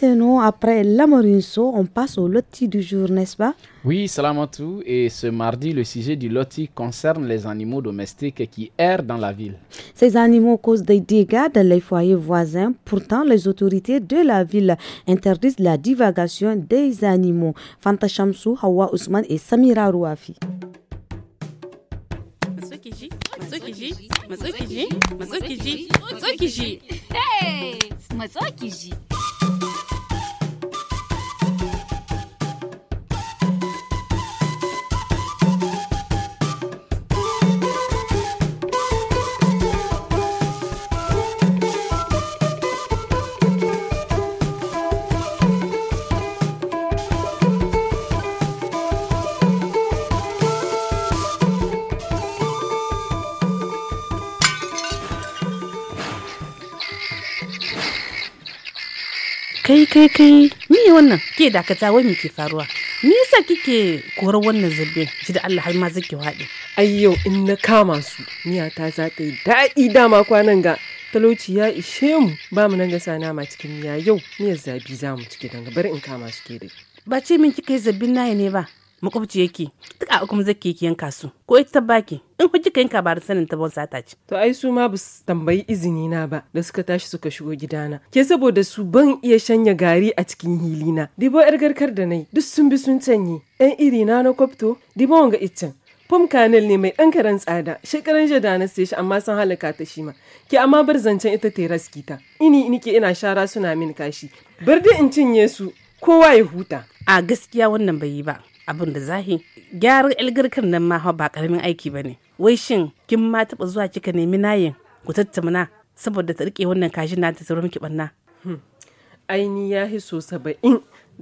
Seno, après morinso, on passe au loti du jour, n'est-ce pas Oui, Salamatou. Et ce mardi, le sujet du loti concerne les animaux domestiques qui errent dans la ville. Ces animaux causent des dégâts dans les foyers voisins. Pourtant, les autorités de la ville interdisent la divagation des animaux. Fanta Shamsou, Hawa Ousmane et Samira Rouafi. hey kai kai me wannan ke dakata wai me ke faruwa me yasa kike korar wannan zabbin ji da Allah har ma zake waɗe ai yau in na kama su miya ta za ta yi daɗi dama kwanan ga talauci ya ishe mu ba mu nan sana nama cikin miya yau miyar zabi za mu ciki dan bar in kama su ke dai ba ce min kika yi zabbin naye ne ba makwabci yake duk a hukumar zake yake yanka su ko ita ta baki in ku kika yanka ba da sanin ta ba sata ce to ai su ma ba tambayi izini na ba da suka tashi suka shigo gidana ke saboda su ban iya shanya gari a cikin hilina dibo yar garkar da nai duk sun bi sun canye yan iri na na kwafto dibo wanga iccen Pom Kanel ne mai ɗan karen tsada, shekaran jada na sai shi amma sun halaka ta shi ma. Ke amma bar zancen ita ta kita. Ini ini ke ina shara suna min kashi. Bar in cinye su, kowa ya huta. A gaskiya wannan bai yi ba. abin da zahi gyaran ilgirkin nan ma ba karamin aiki ba ne wai shin kin ma taɓa zuwa kika nemi nayin ku tattauna saboda ta rike wannan kashin na ta sauran miki banna hmm. aini ya hi so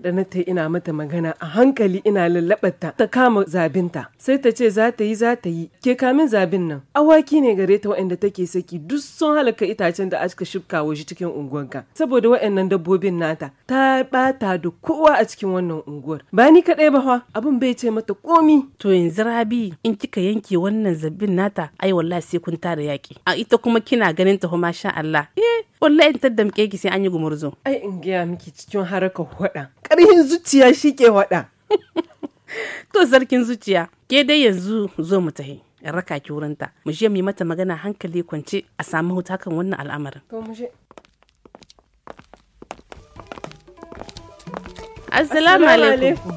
da na ta ina mata magana a hankali ina lallabata ta kama zabinta sai ta ce za ta yi za ta yi ke kamin zabin nan awaki ne gare ta waɗanda take saki duk sun halaka itacen da aka shifka wa cikin unguwarka saboda waɗannan dabbobin nata ta bata da kowa a cikin wannan unguwar ba ni kaɗai ba fa abin bai ce mata komi to yanzu rabi in kika yanke wannan zabin nata ai wallahi sai kun tara yaƙi a ita kuma kina ganin ta ma sha Allah eh wallahi ta damke ki sai an yi gumurzo ai in gaya miki cikin haraka waɗa. Ƙarhin zuciya shi ke waɗa. (laughs) to sarkin zuciya ke dai yanzu zo mu tahi in raka ki wurinta mu je mu mata magana hankali kwance a samu huta kan wannan al'amarin to mu je assalamu alaikum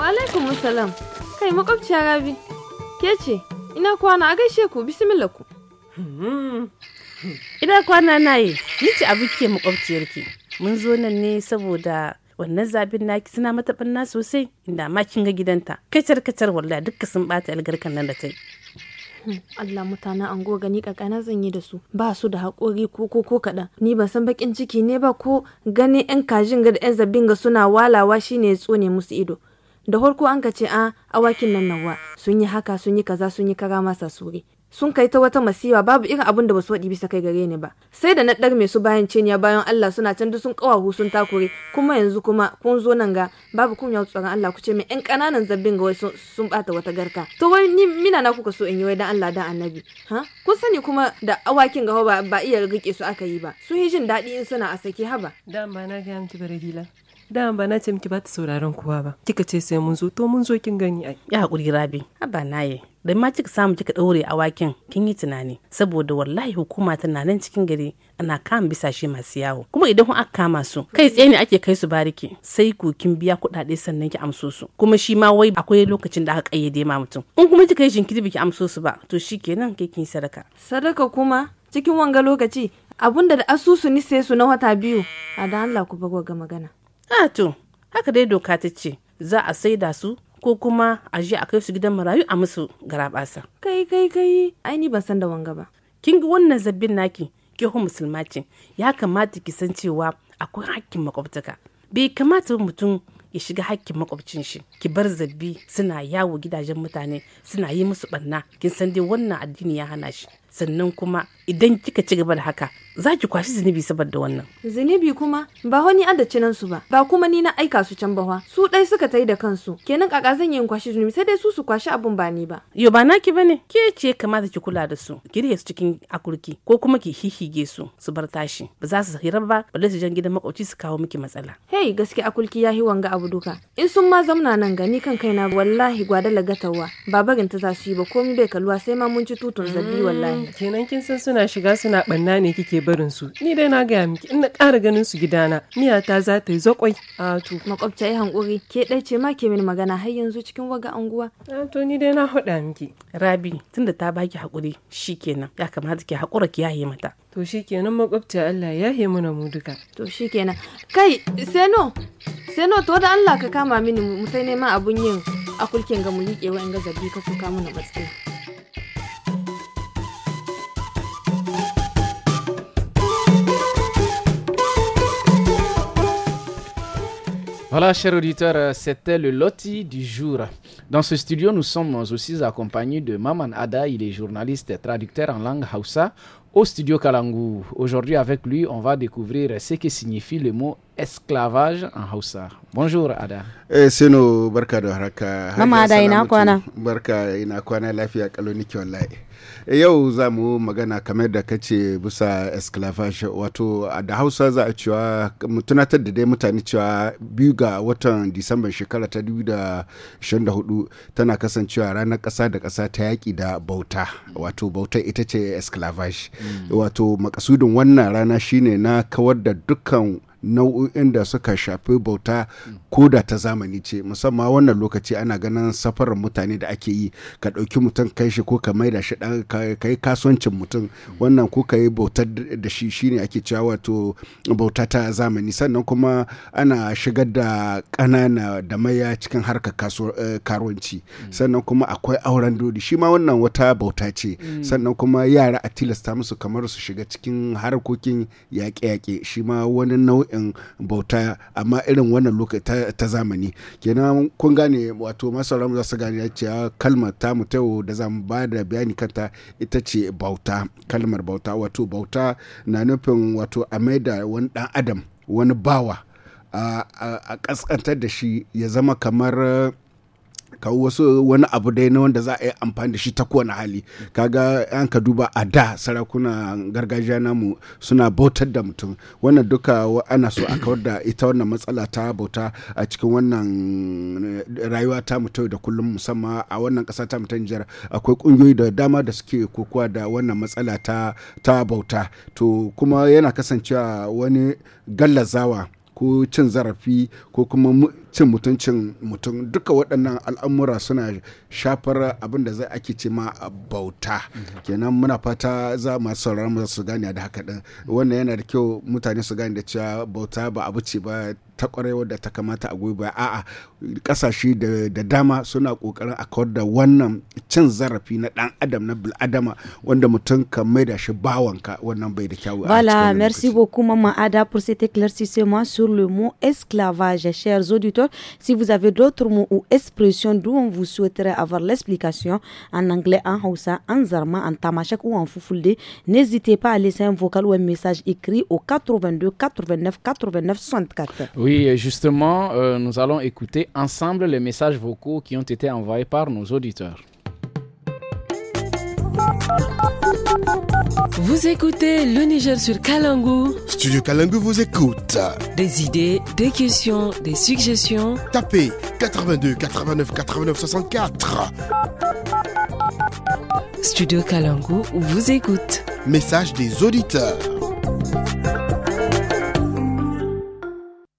wa alaikum assalam kai makwabciya rabi ke ce ina kwana a gaishe ku bismillah ku hmm. Ina kwana na yi, ni abu ke makwabciyarki. Mun zo nan ne saboda wannan zabin naki suna mata banna sosai inda ma kin ga gidanta. Kacar kacar walla dukka sun bata algarkan nan da ta yi. Hmm, Allah mutanen ango gani kakana zan yi da su ba su da haƙori ko ko ko kaɗan ni ban san bakin ciki ne ba ko gani yan kajin ga da yan zabin ga suna walawa shine ya tsone musu ido da farko an ka ce a ah, awakin nan nawa sun yi haka sun yi kaza sun yi kara masa sure sun kai ta wata masiwa babu irin abin da ba su waɗi bisa kai gare ni ba sai da na ɗar mai su bayan ceniya bayan Allah suna can duk sun ƙawahu sun takure kuma yanzu kuma kun zo nan ga babu kun yawo tsoron Allah ku ce min ƴan ƙananan zabbin ga wasu sun ɓata wata garka to wai ni mina na kuka so in yi wai dan Allah dan annabi ha kun sani kuma da awakin ga ba, ba iya rike su aka yi ba su yi jin daɗi in suna a sake haba dan ba na ga miki barahila da ba na ce miki ba ta sauraron kowa ba kika ce sai mun zo to mun zo kin gani ai ya hakuri rabi haba yi da ma kika samu kika a waken kin yi tunani saboda wallahi hukuma tana nan cikin gari ana kama shi masu yawo kuma idan kun aka kama su kai tsaye ne ake kai su bariki sai ku kin biya kuɗaɗe sannan ki amso su kuma shi ma wai akwai lokacin da aka kayyade ma mutum in kuma kika yi jinkiri biki amso su ba to shi kenan kai kin sadaka sadaka kuma cikin wanga lokaci abunda da asusu ni sai su na wata biyu a da Allah ku bago ga magana a to haka dai doka ta ce za a saida su ko kuma a je a kai su gidan marayu a musu garabasa kai kai kai ai ni ban san da wanga ba kin ga wannan zabbin naki ki hu musulma ya kamata ki san cewa akwai hakkin makwabtaka bai kamata mutum ya shiga hakkin makwabcin shi ki bar zabbi suna yawo gidajen mutane suna yi musu ɓanna kin san dai wannan addini ya hana shi sannan kuma idan kika ci gaba da haka za ki kwashi zunubi saboda wannan. Zunubi kuma ba wani adacinan su ba, ba kuma ni na aika su can ba su ɗai suka tai da kansu. Kenan kaka zan yi kwashi zunubi sai dai su su kwashi abun ba ni ba. Yo ba naki bane, ke ce kamata ki kula da su, ki su cikin akurki ko kuma ki hihige su su bar tashi. Ba za su hira ba, balle su jan gidan makwabci su kawo miki matsala. Hey, gaskiya akulki ya hi wanga abu duka. In sun ma zamna nan gani kan kaina wallahi gwada lagatawa, ba barin ta za su yi ba komai bai kaluwa sai ma mun ci tutun zabi wallahi. Mm, kenan kin san suna shiga suna banna ne kike barin su ni dai na gaya miki ina ƙara ganin su gidana miya ta za ta yi zakwai a to makwabta yi hankuri ke ɗai ce ma ke min magana har yanzu cikin waga anguwa a to ni dai na haɗa miki rabi tunda ta baki haƙuri shikenan ya kamata ki hakura ki yaye mata to shikenan makwabta Allah ya yi mana mu duka to shikenan kai seno seno to da Allah ka kama mini mu sai ma abun yin akulkin ga mu yiƙe wa'in ga zabi ka suka mana matsayi Voilà, chers auditeurs, c'était le loti du jour. Dans ce studio, nous sommes aussi accompagnés de Maman Ada, il est journaliste et traducteur en langue Hausa au studio Kalangu. Aujourd'hui, avec lui, on va découvrir ce que signifie le mot esclavage en Hausa. Bonjour Ada. Eh Sino barka da haraka. Mama Ada ina kwana. Barka ina kwana lafiya kalo niki wallahi. Eh, yau za mu magana kamar da kace bisa esclavage wato da Hausa za a cewa mu tunatar da dai mutane cewa biyu ga watan Disamba shekara ta 2024 tana kasancewa ranar ƙasa da ƙasa ta yaƙi da bauta wato bauta ita ce esclavage mm. wato makasudin wannan rana shine na kawar da dukkan nau'o'in da suka shafi bauta ko da ta zamani ce musamman wannan lokaci ana ganin safarar mutane da ake yi ka ɗauki mutum kai shi ko ka maida shi ɗan ka yi kasuwancin mutum wannan ko ka yi bautar da shi shine ake cewa wato bauta ta zamani sannan kuma ana shigar da ƙanana da maya cikin harkar eh, karuwanci sannan kuma akwai auren dodi shi ma wannan wata bauta ce sannan kuma yara a tilasta musu kamar su shiga cikin harkokin yaƙe-yaƙe shi ma wani nau'in in bauta amma irin wannan lokaci ta zamani kenan kun gane wato masarar za su gane cewa ah, kalmar ta mu da zamu ba da bayani kanta ita ce bauta kalmar bauta wato bauta na nufin wato a maida wani dan adam wani bawa a kaskantar da shi ya zama kamar kawo wasu wani abu dai na wanda za a yi amfani da shi ta kowane hali kaga an ka duba a da sarakuna gargajiya namu suna bautar da mutum wannan duka ana so a kawar da ita wannan matsala ta bauta a cikin wannan eh, rayuwa ta mutum da kullum musamman a wannan kasa ta mutum jihar akwai kungiyoyi da dama da suke kokowa da wannan matsala ta bauta to kuma yana kasancewa wani gallazawa ko cin zarafi ko kuma cin mutuncin mutum duka waɗannan al'amura suna shafar abin da zai ake ce ma bauta kenan muna fata za ma sauraron su gane da haka ɗin wannan yana da kyau mutane su gane da cewa bauta ba abu ce ba voilà merci beaucoup maman Ada pour cet éclaircissement sur le mot esclavage chers auditeurs si vous avez d'autres mots ou expressions d'où on vous souhaiterait avoir l'explication en anglais en hausa en zarma en ou en n'hésitez pas à laisser un vocal ou un message écrit au 82 89 89 64 oui et justement, euh, nous allons écouter ensemble les messages vocaux qui ont été envoyés par nos auditeurs. Vous écoutez le Niger sur Kalangu. Studio Kalangu vous écoute. Des idées, des questions, des suggestions. Tapez 82 89 89 64. Studio Kalangu vous écoute. Message des auditeurs.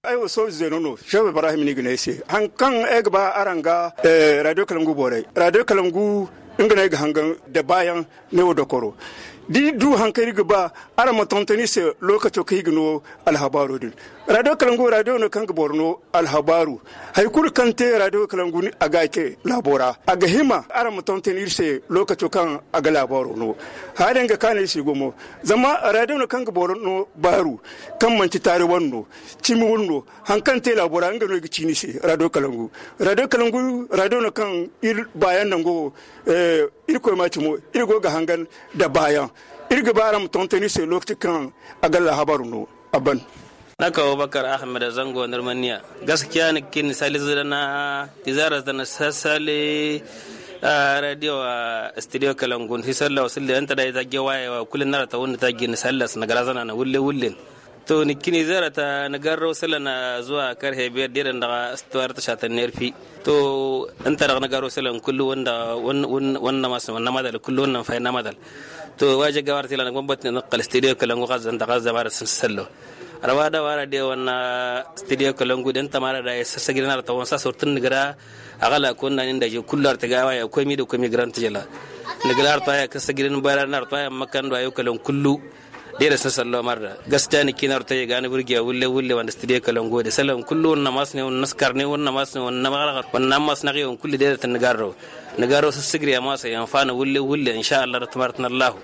aiwa so zai nuno shehu ibrahim ni gina ise an kan egba aranga eh, radio kalangu bore radio kalangu ingana ga hangan da bayan ne wa dokoro di du hankari gaba ara matontani se lokaci ka yi gino alhabarodin radio kalangu radio no kanga borno alhabaru haikul kante radio kalangu aga ke labora aga hima ara mutonten irse lokato kan aga laboro no hadan ga kana shi gomo zama radio no kanga borno baru kan manti tare wanno cimi wanno hankante labora anga no gici se radio kalangu radio kalangu radio no kan ir bayan nan go eh ir ko ma cimo ir go ga hangan da bayan ir ga bara mutonten irse lokato kan aga lahabaru no aban naka bakar ahmed zango nirmaniya gaskiya ni kin sali zidana tizara zana sasale radio studio kalangun hi salla wasille anta da zage waye wa kullun nara ta wanda ta gini salla sana gara zana na wulle wulle to ni kini zara ta na garro salla na zuwa karhe biyar da daga stuwar ta shatan nerfi to anta da na garro salla kullu wanda wannan masu wannan madal kullu wannan fa na madal to waje gawar tilana gwamnati na kal studio kalangu gazan da mara sun sallo rawada wara de wana studio kolongu den tamara da sasa girna ta wonsa sortin nigara agala kunna nin da kullar ta gawa ya komi da komi grant jala nigara ta ya kasa girin bayar na ta ya makan da kolon kullu de da sasa marra gaskiya ni kinar ta ya gani burgiya wulle wulle wanda studio kolongu da salam kullu wannan mas ne wannan naskar ne wannan mas ne wannan magara wannan mas na ga kullu de da tan nigaro nigaro sasa girya masa ya fana wulle wulle insha Allah tabarakna Allah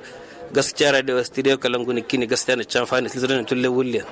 gaskiya radio studio kolongu ni kini gaskiya ne can fa tulle wulle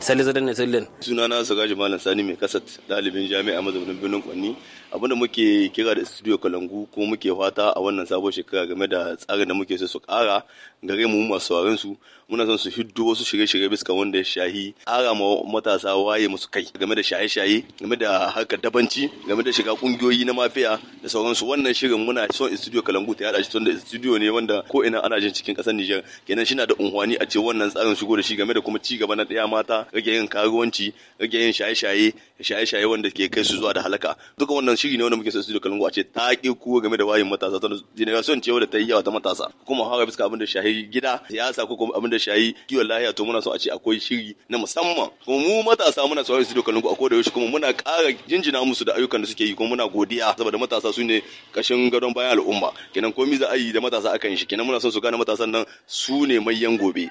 sale zadan ne sale sunana su gaji malam sani mai kasat dalibin jami'a mazaunin birnin kwanni abinda muke kira da studio kalangu kuma muke fata a wannan sabon shekara game da tsarin da muke so su kara gare mu masu wurin su muna son su hiddo wasu shirye-shirye bisa wanda ya shahi ara ma matasa waye musu kai game da shaye-shaye game da harkar dabanci game da shiga kungiyoyi na mafiya da sauransu wannan shirin muna son studio kalangu ta yada shi tunda studio ne wanda ko ina ana jin cikin kasar Nijar kenan shi na da unhwani a ce wannan tsarin shigo da shi game da kuma ci gaba na daya mata rage yin karuwanci rage yin shaye-shaye shaye-shaye wanda ke kai su zuwa da halaka duka wannan shiri ne wanda muke so da Kalungu a ce ta ki ku game da wayin matasa ta generation ce wanda ta yi yawa ta matasa kuma haka bisa abin da shahi gida siyasa ko kuma abin da shahi kiwon lafiya to muna so a ce akwai shiri na musamman kuma mu matasa muna so da Kalungu a koda yaushe kuma muna ƙara jinjina musu da ayyukan da suke yi kuma muna godiya saboda matasa su ne kashin gadon bayan al'umma kenan komai za a yi da matasa akan shi kenan muna son su gane matasan nan su ne yan gobe.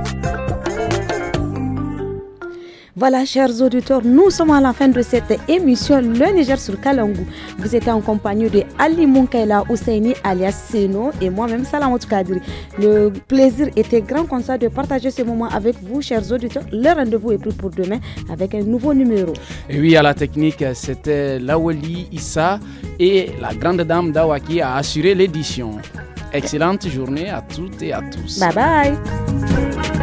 Voilà, chers auditeurs, nous sommes à la fin de cette émission Le Niger sur Kalangou. Vous êtes en compagnie de Ali Munkaila Ousseini alias Seno et moi-même Salamot Kadri. Le plaisir était grand comme ça de partager ce moment avec vous, chers auditeurs. Le rendez-vous est pris pour demain avec un nouveau numéro. oui, à la technique, c'était Laweli Issa et la grande dame Dawaki a assuré l'édition. Excellente journée à toutes et à tous. Bye bye.